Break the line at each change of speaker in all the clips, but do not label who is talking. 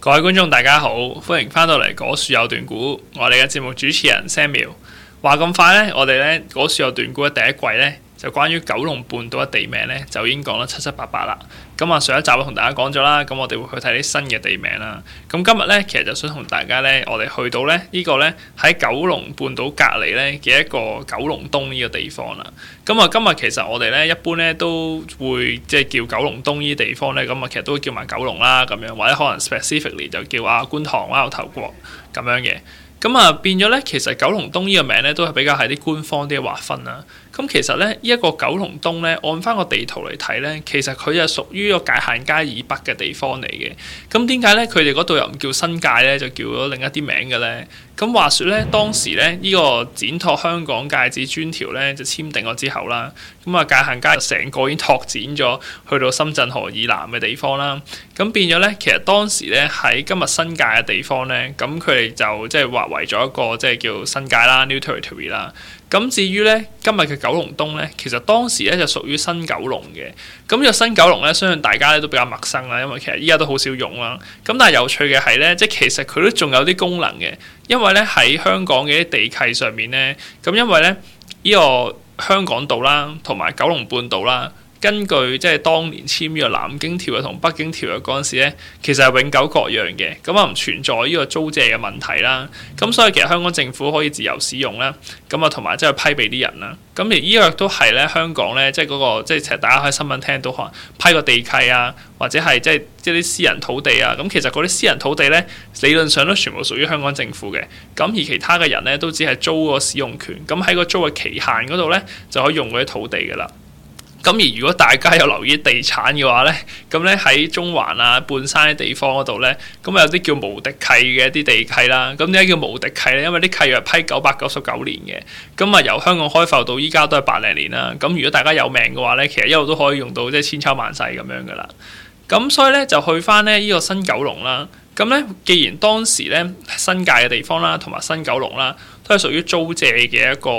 各位觀眾大家好，歡迎翻到嚟《果樹有段古》，我哋嘅節目主持人 Samuel 話咁快咧，我哋咧《果樹有段古》嘅第一季咧。就關於九龍半島嘅地名咧，就已經講得七七八八啦。咁啊，上一集我同大家講咗啦，咁我哋會去睇啲新嘅地名啦。咁今日咧，其實就想同大家咧，我哋去到咧呢、呢個咧喺九龍半島隔離咧嘅一個九龍東呢個地方啦。咁啊，今日其實我哋咧一般咧都會即係叫九龍東呢個地方咧，咁啊，其實都會叫埋九龍啦咁樣，或者可能 specifically 就叫啊觀塘啊、啊、頭角咁樣嘅。咁啊，變咗咧，其實九龍東呢個名咧都係比較係啲官方啲嘅劃分啦。咁其實咧，呢一個九龍東咧，按翻個地圖嚟睇咧，其實佢就屬於個界限街以北嘅地方嚟嘅。咁點解咧，佢哋嗰度又唔叫新界咧，就叫咗另一啲名嘅咧？咁話說咧，當時咧，呢個展拓香港界址專條咧，就簽訂咗之後啦。咁啊，界限街成個已經拓展咗，去到深圳河以南嘅地方啦。咁變咗咧，其實當時咧，喺今日新界嘅地方咧，咁佢哋就即係劃為咗一個即係叫新界啦 （New Territory） 啦。咁至於咧，今日嘅九龍東咧，其實當時咧就屬於新九龍嘅。咁呢個新九龍咧，相信大家咧都比較陌生啦，因為其實依家都好少用啦。咁但係有趣嘅係咧，即係其實佢都仲有啲功能嘅，因為咧喺香港嘅啲地契上面咧，咁因為咧呢，呢個香港島啦，同埋九龍半島啦。根據即係當年簽約《南京條約》同《北京條約》嗰陣時咧，其實係永久各樣嘅，咁啊唔存在呢個租借嘅問題啦。咁所以其實香港政府可以自由使用啦，咁啊同埋即係批俾啲人啦。咁而呢個都係咧，香港咧即係嗰個即係其實大家喺新聞聽到可能批個地契啊，或者係即係即係啲私人土地啊。咁其實嗰啲私人土地咧，理論上都全部屬於香港政府嘅。咁而其他嘅人咧，都只係租個使用權。咁喺個租嘅期限嗰度咧，就可以用嗰啲土地噶啦。咁而如果大家有留意地產嘅話咧，咁咧喺中環啊、半山啲地方嗰度咧，咁有啲叫無敵契嘅一啲地契啦。咁點解叫無敵契咧？因為啲契約批九百九十九年嘅，咁啊由香港開埠到依家都係百零年啦。咁如果大家有命嘅話咧，其實一路都可以用到即係千秋萬世咁樣噶啦。咁所以咧就去翻咧依個新九龍啦。咁咧既然當時咧新界嘅地方啦，同埋新九龍啦，都係屬於租借嘅一個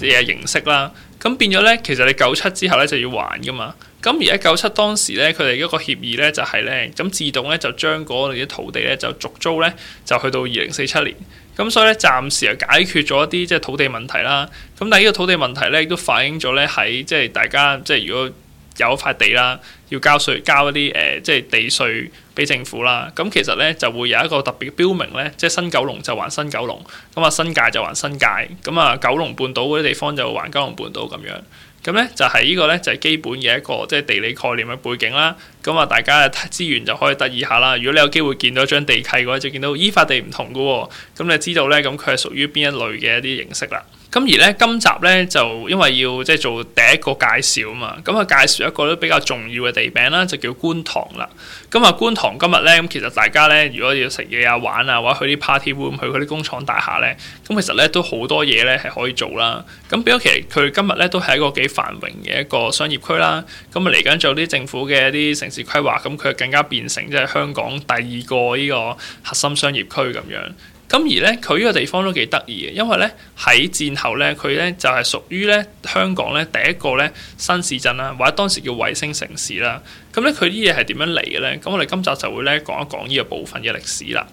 嘅形式啦。咁變咗咧，其實你九七之後咧就要還㗎嘛。咁而喺九七當時咧，佢哋一個協議咧就係咧，咁自動咧就將嗰啲土地咧就續租咧，就去到二零四七年。咁所以咧，暫時又解決咗一啲即係土地問題啦。咁但係呢個土地問題咧，亦都反映咗咧喺即係大家即係、就是、如果。有一塊地啦，要交稅，交一啲誒、呃，即係地稅俾政府啦。咁其實咧就會有一個特別標明咧，即係新九龍就還新九龍，咁啊新界就還新界，咁啊九龍半島嗰啲地方就還九龍半島咁樣。咁咧就係、是、呢個咧就係、是、基本嘅一個即係地理概念嘅背景啦。咁啊大家資源就可以得意下啦。如果你有機會見到一張地契嘅話，就見到依塊地唔同嘅喎、哦。咁你知道咧，咁佢係屬於邊一類嘅一啲形式啦。咁而咧，今集咧就因為要即係做第一個介紹啊嘛，咁啊介紹一個都比較重要嘅地名啦，就叫觀塘啦。咁啊，觀塘今日咧，咁其實大家咧，如果要食嘢啊、玩啊，或者去啲 party room、去嗰啲工廠大廈咧，咁其實咧都好多嘢咧係可以做啦。咁比較其實佢今日咧都係一個幾繁榮嘅一個商業區啦。咁啊嚟緊做啲政府嘅一啲城市規劃，咁佢更加變成即係香港第二個呢個核心商業區咁樣。咁而咧，佢呢個地方都幾得意嘅，因為咧喺戰後咧，佢咧就係屬於咧香港咧第一個咧新市鎮啦，或者當時叫衛星城市啦。咁咧佢啲嘢係點樣嚟嘅咧？咁我哋今集就會咧講一講呢個部分嘅歷史啦。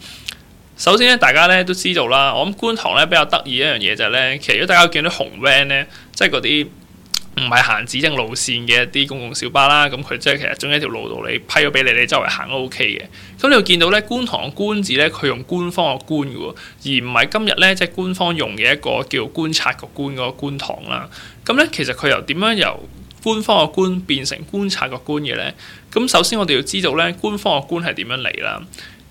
首先咧，大家咧都知道啦，我諗觀塘咧比較得意一樣嘢就係咧，其實如果大家見到紅 van 咧，即係嗰啲。唔係行指定路線嘅一啲公共小巴啦，咁佢即係其實將一條路道你批咗俾你，你周圍行都 OK 嘅。咁你會見到咧官塘嘅官字咧，佢用官方嘅官嘅喎，而唔係今日咧即係官方用嘅一個叫觀察局官嗰個官塘啦。咁咧其實佢由點樣由官方嘅官變成觀察局官嘅咧？咁首先我哋要知道咧官方嘅官係點樣嚟啦。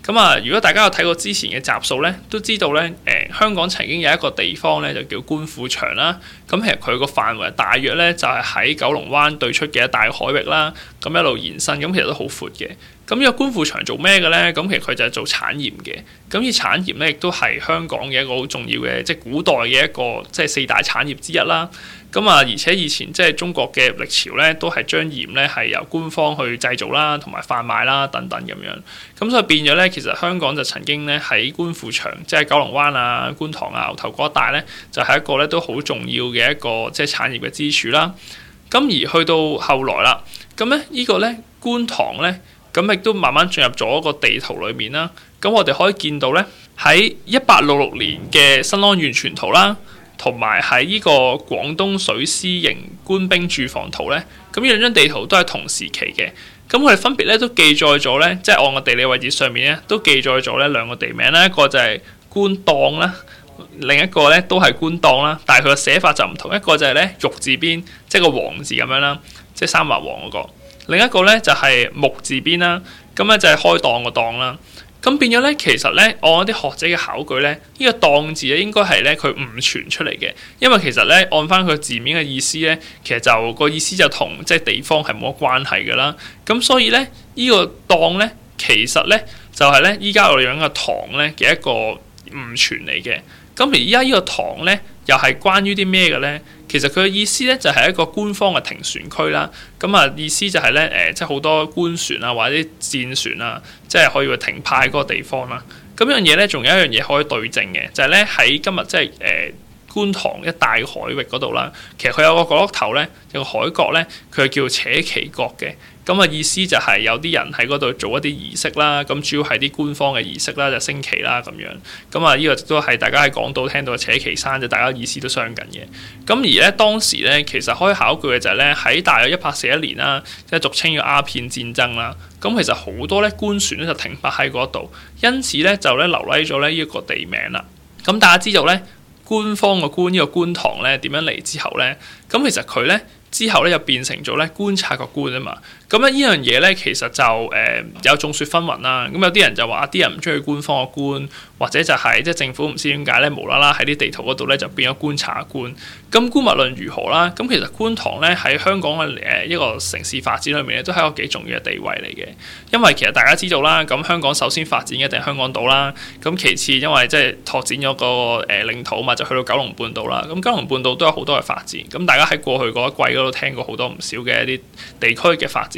咁啊，如果大家有睇過之前嘅集數咧，都知道咧香港曾經有一個地方咧，就叫官富場啦。咁其實佢個範圍大約咧，就係喺九龍灣對出嘅一帶海域啦。咁一路延伸，咁其實都好闊嘅。咁呢個官富場做咩嘅咧？咁其實佢就係做產業嘅。咁而產業咧，亦都係香港嘅一個好重要嘅，即係古代嘅一個即係四大產業之一啦。咁啊，而且以前即係中國嘅歷朝咧，都係將鹽咧係由官方去製造啦，同埋販賣啦等等咁樣。咁、嗯、所以變咗咧，其實香港就曾經咧喺官富場，即係九龍灣啊、官塘啊、牛頭角一帶咧，就係、是、一個咧都好重要嘅一個即係產業嘅支柱啦。咁、嗯、而去到後來啦，咁、嗯、咧、這個、呢個咧官塘咧，咁、嗯、亦都慢慢進入咗個地圖裏面啦。咁、嗯嗯、我哋可以見到咧喺一八六六年嘅新安縣全圖啦。同埋喺呢個廣東水師營官兵駐防圖咧，咁呢兩張地圖都係同時期嘅，咁佢哋分別咧都記載咗咧，即係按個地理位置上面咧都記載咗咧兩個地名啦，一個就係官檔啦，另一個咧都係官檔啦，但係佢嘅寫法就唔同，一個就係咧玉字邊，即係個王字咁樣啦，即係三畫王嗰個，另一個咧就係木字邊啦，咁咧就係開檔個檔啦。咁變咗咧，其實咧，按啲學者嘅考據咧，呢個當字咧應該係咧佢誤傳出嚟嘅，因為其實咧按翻佢字面嘅意思咧，其實就個意思就同即係地方係冇乜關係嘅啦。咁所以咧，呢個當咧，其實咧就係咧依家我哋講嘅堂咧嘅一個誤傳嚟嘅。咁而依家呢個堂咧，又係關於啲咩嘅咧？其實佢嘅意思咧就係一個官方嘅停船區啦，咁啊意思就係咧誒，即係好多官船啊或者戰船啊，即係可以去停泊喺嗰個地方啦。咁樣嘢咧，仲有一樣嘢可以對證嘅，就係咧喺今日即係誒。就是呃觀塘一大海域嗰度啦，其實佢有個角落頭咧，有個海角咧，佢係叫扯旗角嘅。咁啊，意思就係有啲人喺嗰度做一啲儀式啦。咁主要係啲官方嘅儀式啦，就升旗啦咁樣。咁啊，呢個都係大家喺港島聽到扯旗山，就大家意思都相近嘅。咁而咧，當時咧，其實可以考據嘅就係咧，喺大約一八四一年啦，即係俗稱嘅鴉片戰爭啦。咁其實好多咧官船咧就停泊喺嗰度，因此咧就咧留低咗呢一個地名啦。咁大家知道咧。官方個官呢、這個官塘咧點樣嚟之後咧，咁其實佢咧之後咧又變成咗咧觀察個官啊嘛。咁咧依樣嘢呢，其實就誒有眾說紛紜啦。咁、嗯、有啲人就話啲人唔中意官方嘅官，或者就係即係政府唔知點解咧，無啦啦喺啲地圖嗰度咧就變咗觀察官。咁觀，物論如何啦，咁、嗯、其實觀塘咧喺香港嘅一個城市發展裏面咧，都係一個幾重要嘅地位嚟嘅。因為其實大家知道啦，咁、嗯、香港首先發展一定係香港島啦，咁、嗯、其次因為即係拓展咗個誒、呃、領土嘛，就去到九龍半島啦。咁、嗯、九龍半島都有好多嘅發展。咁、嗯、大家喺過去嗰一季嗰度聽過好多唔少嘅一啲地區嘅發展。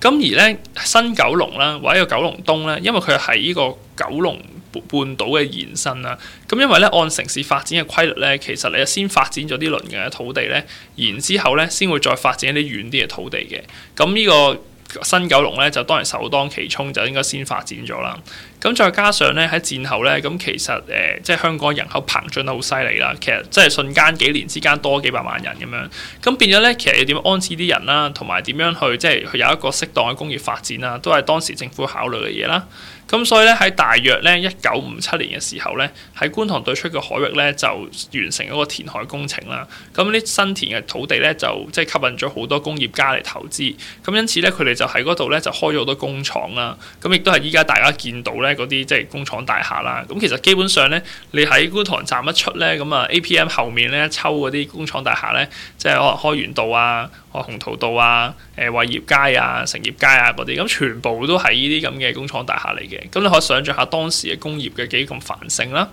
咁而咧新九龍啦，或者個九龍東咧，因為佢係呢個九龍半島嘅延伸啦。咁因為咧按城市發展嘅規律咧，其實你先發展咗啲鄰近嘅土地咧，然之後咧先會再發展一啲遠啲嘅土地嘅。咁呢個新九龍咧就當然首當其衝就應該先發展咗啦，咁再加上咧喺戰後咧，咁其實誒、呃、即係香港人口膨脹得好犀利啦，其實即係瞬間幾年之間多幾百萬人咁樣，咁變咗咧其實要點安置啲人啦、啊，同埋點樣去即係佢有一個適當嘅工業發展啦、啊，都係當時政府考慮嘅嘢啦。咁所以咧喺大約咧一九五七年嘅時候咧，喺觀塘對出嘅海域咧就完成咗個填海工程啦。咁呢新填嘅土地咧就即係吸引咗好多工業家嚟投資。咁因此咧佢哋就喺嗰度咧就開咗好多工廠啦。咁亦都係依家大家見到咧嗰啲即係工廠大廈啦。咁其實基本上咧你喺觀塘站一出咧咁啊 APM 後面咧抽嗰啲工廠大廈咧，即係可能開源道啊。我鴻圖道啊、誒、呃、偉業街啊、成業街啊嗰啲，咁全部都係呢啲咁嘅工廠大廈嚟嘅。咁你可以想象下當時嘅工業嘅幾咁繁盛啦。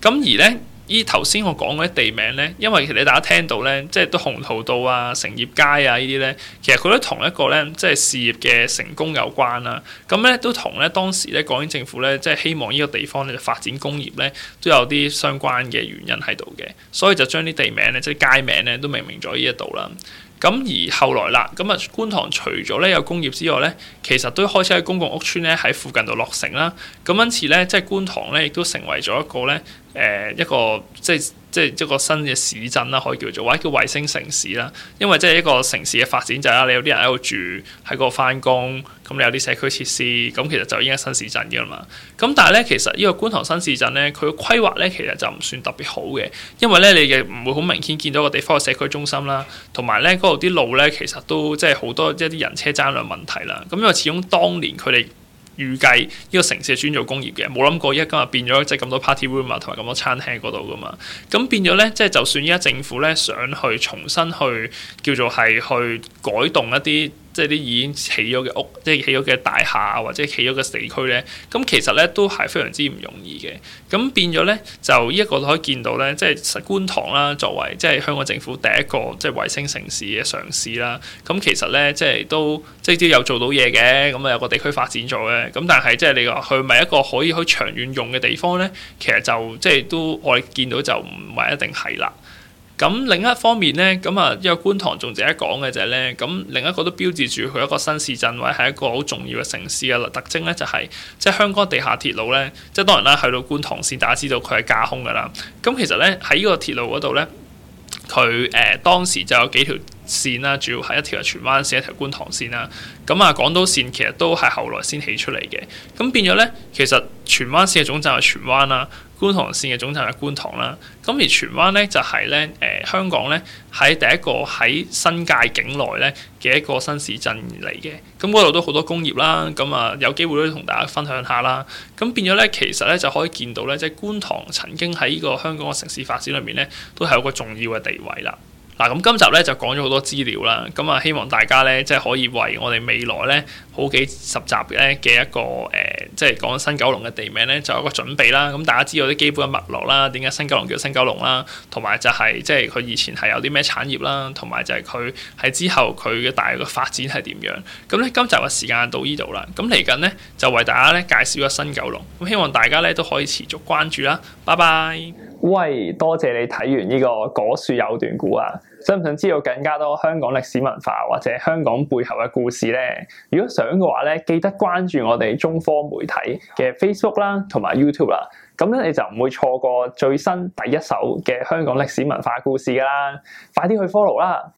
咁而咧，依頭先我講嗰啲地名咧，因為其實你大家聽到咧，即係都鴻圖道啊、成業街啊呢啲咧，其實佢都同一個咧，即係事業嘅成功有關啦。咁咧都同咧當時咧港英政府咧，即係希望呢個地方咧發展工業咧，都有啲相關嘅原因喺度嘅，所以就將啲地名咧、即係街名咧，都命名咗呢一度啦。咁而後來啦，咁啊觀塘除咗咧有工業之外咧，其實都開始喺公共屋邨咧喺附近度落成啦。咁因此咧，即係觀塘咧亦都成為咗一個咧。誒、呃、一個即係即係一個新嘅市鎮啦，可以叫做或者叫衛星城市啦。因為即係一個城市嘅發展就係、是、啦，你有啲人喺度住，喺嗰度返工，咁你有啲社區設施，咁其實就已經係新市鎮噶啦嘛。咁但係咧，其實呢個觀塘新市鎮咧，佢嘅規劃咧其實就唔算特別好嘅，因為咧你嘅唔會好明顯見到個地方嘅社區中心啦，同埋咧嗰度啲路咧其實都即係好多一啲人車爭量問題啦。咁因為始終當年佢哋。預計呢個城市係專做工業嘅，冇諗過而家今日變咗即係咁多 party room 啊，同埋咁多餐廳嗰度噶嘛，咁變咗咧，即係就算而家政府咧想去重新去叫做係去改動一啲。即係啲已經起咗嘅屋，即係起咗嘅大廈或者起咗嘅地區咧，咁其實咧都係非常之唔容易嘅。咁變咗咧，就呢一個可以見到咧，即係觀塘啦，作為即係香港政府第一個即係衛星城市嘅嘗試啦。咁其實咧，即係都即係都有做到嘢嘅。咁啊，有個地區發展咗嘅。咁但係即係你話佢咪一個可以去長遠用嘅地方咧，其實就即係都我哋見到就唔係一定係啦。咁另一方面咧，咁啊，因為觀塘仲值得講嘅就係咧，咁另一個都標誌住佢一個新市鎮位係一個好重要嘅城市嘅特徵咧、就係，就係即係香港地下鐵路咧，即係當然啦，去到觀塘線，大家知道佢係架空嘅啦。咁其實咧，喺呢個鐵路嗰度咧，佢誒、呃、當時就有幾條線啦，主要係一條係荃灣線、一條觀塘線啦。咁啊，港島線其實都係後來先起出嚟嘅。咁變咗咧，其實荃灣線嘅總站係荃灣啦。觀塘線嘅總站係觀塘啦，咁而荃灣咧就係、是、咧，誒、呃、香港咧喺第一個喺新界境內咧嘅一個新市鎮嚟嘅，咁嗰度都好多工業啦，咁啊有機會都同大家分享下啦，咁變咗咧其實咧就可以見到咧，即係觀塘曾經喺呢個香港嘅城市發展裏面咧，都係有個重要嘅地位啦。嗱，咁今集咧就講咗好多資料啦，咁啊希望大家咧即係可以為我哋未來咧，好幾十集咧嘅一個誒、呃，即係講新九龍嘅地名咧，就有一個準備啦。咁大家知道啲基本嘅脈絡啦，點解新九龍叫新九龍啦，同埋就係、是、即係佢以前係有啲咩產業啦，同埋就係佢喺之後佢嘅大嘅發展係點樣。咁、嗯、咧今集嘅時間到呢度啦。咁嚟緊咧就為大家咧介紹一新九龍。咁希望大家咧都可以持續關注啦。拜拜。喂，多謝你睇完呢、這個果樹有段古啊！想唔想知道更加多香港歷史文化或者香港背後嘅故事咧？如果咁嘅話咧，記得關注我哋中科媒體嘅 Facebook 啦，同埋 YouTube 啦。咁咧你就唔會錯過最新第一手嘅香港歷史文化故事㗎喇。快啲去 follow 啦！